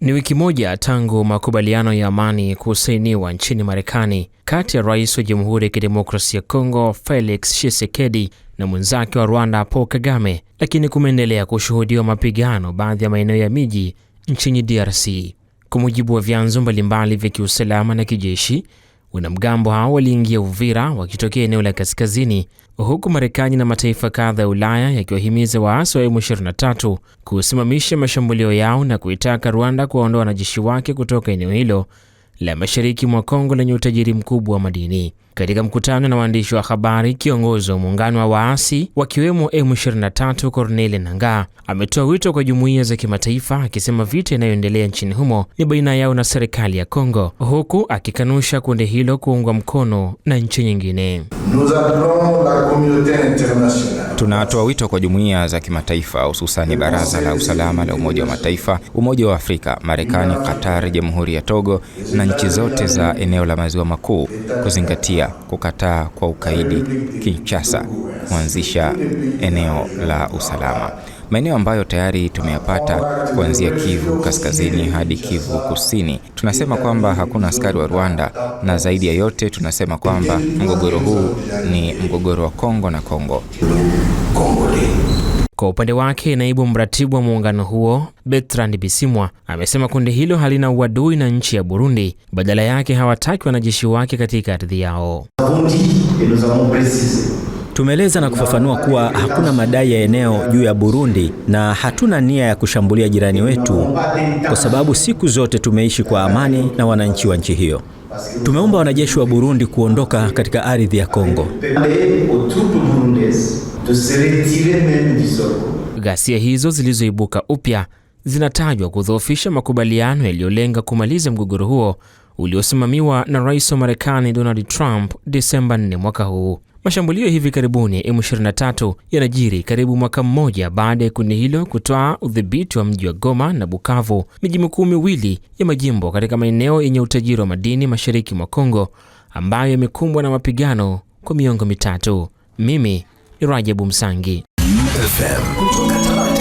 Ni wiki moja tangu makubaliano ya amani kusainiwa nchini Marekani kati ya Rais wa Jamhuri ya Kidemokrasia ya Kongo Felix Tshisekedi na mwenzake wa Rwanda Paul Kagame, lakini kumeendelea kushuhudiwa mapigano baadhi ya maeneo ya miji nchini DRC. Kwa mujibu wa vyanzo mbalimbali vya kiusalama na kijeshi, wanamgambo hao waliingia Uvira wakitokea eneo la kaskazini huku Marekani na mataifa kadha ya Ulaya yakiwahimiza waasi wa M23 kusimamisha mashambulio yao na kuitaka Rwanda kuwaondoa wanajeshi wake kutoka eneo hilo la mashariki mwa Kongo lenye utajiri mkubwa wa madini. Katika mkutano na waandishi wa habari, kiongozi wa muungano wa waasi wakiwemo M23 Corneille Nangaa ametoa wito kwa jumuiya za kimataifa, akisema vita inayoendelea nchini humo ni baina yao na serikali ya Kongo, huku akikanusha kundi hilo kuungwa mkono na nchi nyingine. Nous appelons la communauté Tunatoa wito kwa jumuiya za kimataifa hususani Baraza la Usalama la Umoja wa Mataifa, Umoja wa Afrika, Marekani, Qatar, Jamhuri ya Togo na nchi zote za eneo la Maziwa Makuu kuzingatia kukataa kwa ukaidi Kinshasa kuanzisha eneo la usalama maeneo ambayo tayari tumeyapata kuanzia Kivu kaskazini hadi Kivu kusini. Tunasema kwamba hakuna askari wa Rwanda, na zaidi ya yote tunasema kwamba mgogoro huu ni mgogoro wa Kongo na Kongo. Kwa upande wake naibu mratibu wa muungano huo Bertrand Bisimwa amesema kundi hilo halina uadui na nchi ya Burundi, badala yake hawataki wanajeshi wake katika ardhi yao. Tumeeleza na kufafanua kuwa hakuna madai ya eneo juu ya Burundi na hatuna nia ya kushambulia jirani wetu, kwa sababu siku zote tumeishi kwa amani na wananchi wa nchi hiyo. Tumeomba wanajeshi wa Burundi kuondoka katika ardhi ya Kongo. Ghasia hizo zilizoibuka upya zinatajwa kudhoofisha makubaliano yaliyolenga kumaliza mgogoro huo uliosimamiwa na Rais wa Marekani Donald Trump Desemba 4 mwaka huu. Mashambulio hivi karibuni M23 yanajiri karibu mwaka mmoja baada ya kundi hilo kutoa udhibiti wa mji wa Goma na Bukavu, miji mikuu miwili ya majimbo katika maeneo yenye utajiri wa madini mashariki mwa Kongo, ambayo yamekumbwa na mapigano kwa miongo mitatu. Mimi ni Rajabu Msangi FM.